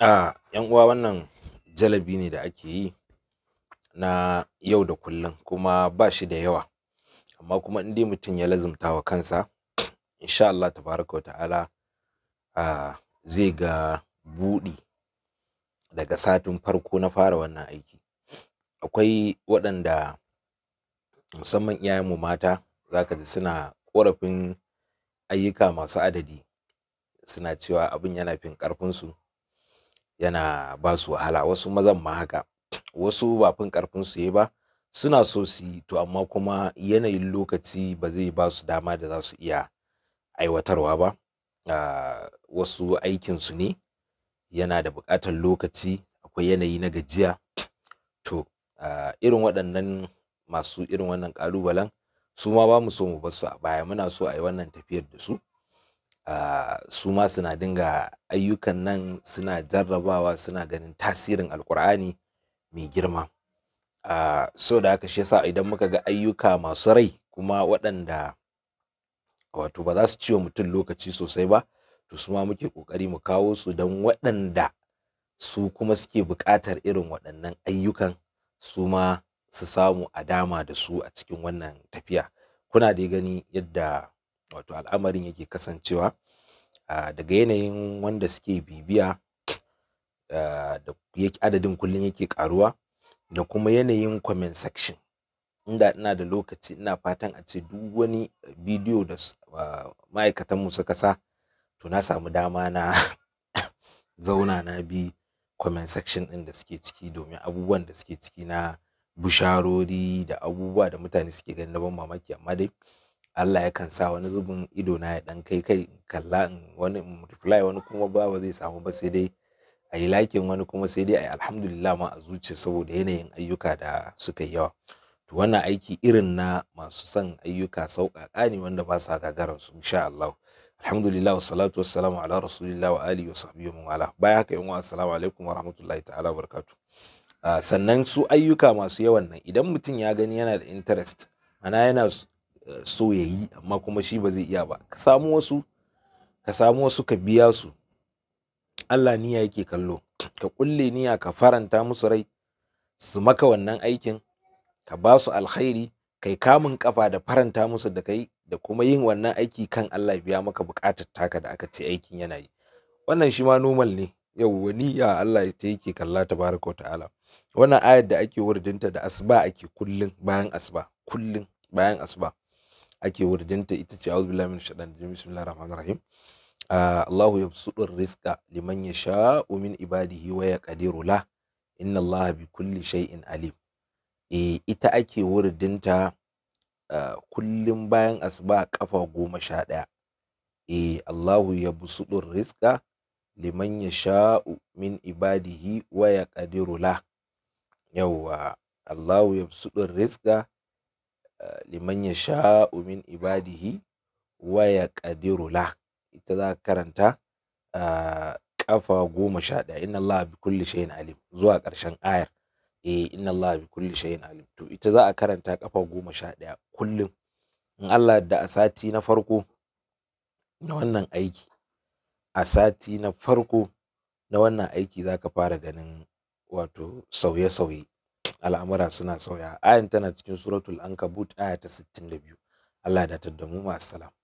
Ah, ‘yan uwa wannan jalabi ne da ake yi na yau da kullum kuma ba shi da yawa amma kuma in dai mutum ya lazumta wa kansa insha Allah tabaraka wa ta'ala ah, zai ga buɗi daga satin farko na fara wannan aiki akwai waɗanda musamman iyayenmu mata za ka ji suna ƙorafin ayyuka masu adadi suna cewa abin yana fin ƙarfinsu yana ba su wahala wasu mazan ma haka wasu ba fin karfin su yi ba suna so su to amma kuma yanayin lokaci ba zai ba su dama da za su iya aiwatarwa ba uh, wasu aikinsu ne yana da buƙatar lokaci akwai yanayi na gajiya to uh, irin waɗannan masu irin wannan ƙalubalen su ma ba mu so mu bar su a baya muna so a yi wannan tafiyar da su su ma suna dinga ayyukan nan suna jarrabawa suna ganin tasirin alkur'ani mai girma so da aka shi yasa idan muka ga ayyuka masu rai kuma waɗanda wato ba za su ciwo mutum lokaci sosai ba to su ma muke ƙoƙari mu kawo su don waɗanda su kuma suke buƙatar irin waɗannan ayyukan su ma su samu a dama da su a cikin wannan tafiya kuna dai gani yadda wato al'amarin yake kasancewa daga yanayin wanda suke bibiya da adadin kullum yake ƙaruwa da kuma yanayin comment section inda ina da lokaci ina fatan a ce duk wani bidiyo da ma'aikatanmu suka sa to na samu dama na zauna na bi comment section ɗin da suke ciki domin abubuwan da suke ciki na bisharori da abubuwa da mutane suke ganin na ban mamaki amma dai Allah yakan sa wani zubin ido na ya dan kai kai kalla in wani in wani kuma ba ba zai samu ba sai dai a yi lakin wani kuma sai dai a yi alhamdulillah ma a zuciya saboda yanayin ayyuka da suka yi yawa to wannan aiki irin na masu son ayyuka sauƙaƙa ne wanda ba sa gagaran su insha Allah alhamdulillah wassalatu wassalamu ala rasulillah wa alihi wa sahbihi wa wala baya haka yan uwa assalamu alaikum wa rahmatullahi ta'ala wa barakatuh ah, sannan su ayyuka masu yawan nan idan mutum ya gani yana da interest ana yana so ya yi amma kuma shi ba zai iya ba ka samu wasu ka samu wasu ka biya su Allah niyya yake kallo ka kulle niyya ka faranta musu rai su maka wannan aikin ka ba su alkhairi kai kamun kafa da faranta musu da kai da kuma yin wannan aiki kan Allah biya maka bukatar taka da aka ce aikin yana yi wannan shi ma normal ne wani niyya Allah ta yake kalla tabaraka ta'ala wannan ayar da ake wurdinta da asba ake kullun bayan asuba kullun bayan asuba ake wurdinta ita ce a'udhu billahi minash shaitanir rajim bismillahir rahmanir rahim ah, Allahu yabsutu rizqa liman yasha'u min ibadihi wa yaqdiru la inna Allaha bi kulli shay'in alim e ita ake wurdinta ah, kullum bayan asuba kafa goma sha ɗaya e Allahu yabsutu rizqa liman yasha'u min ibadihi wa yaqdiru la yawwa Allahu yabsutu rizqa liman ya sha min ibadihi wa ya la ita za ka karanta kafa goma sha ɗaya inna Allah bi kulli shay'in alim zuwa ƙarshen ayar eh inna Allah bi kulli shay'in alim to ita za a karanta kafa goma sha ɗaya kullum in Allah da a sati na farko na wannan aiki a sati na farko na wannan aiki za ka fara ganin wato sauye-sauye al'amura suna sauya ayan tana cikin suratul ankabut aya ta 62 Allah ya datar da mu ma assalam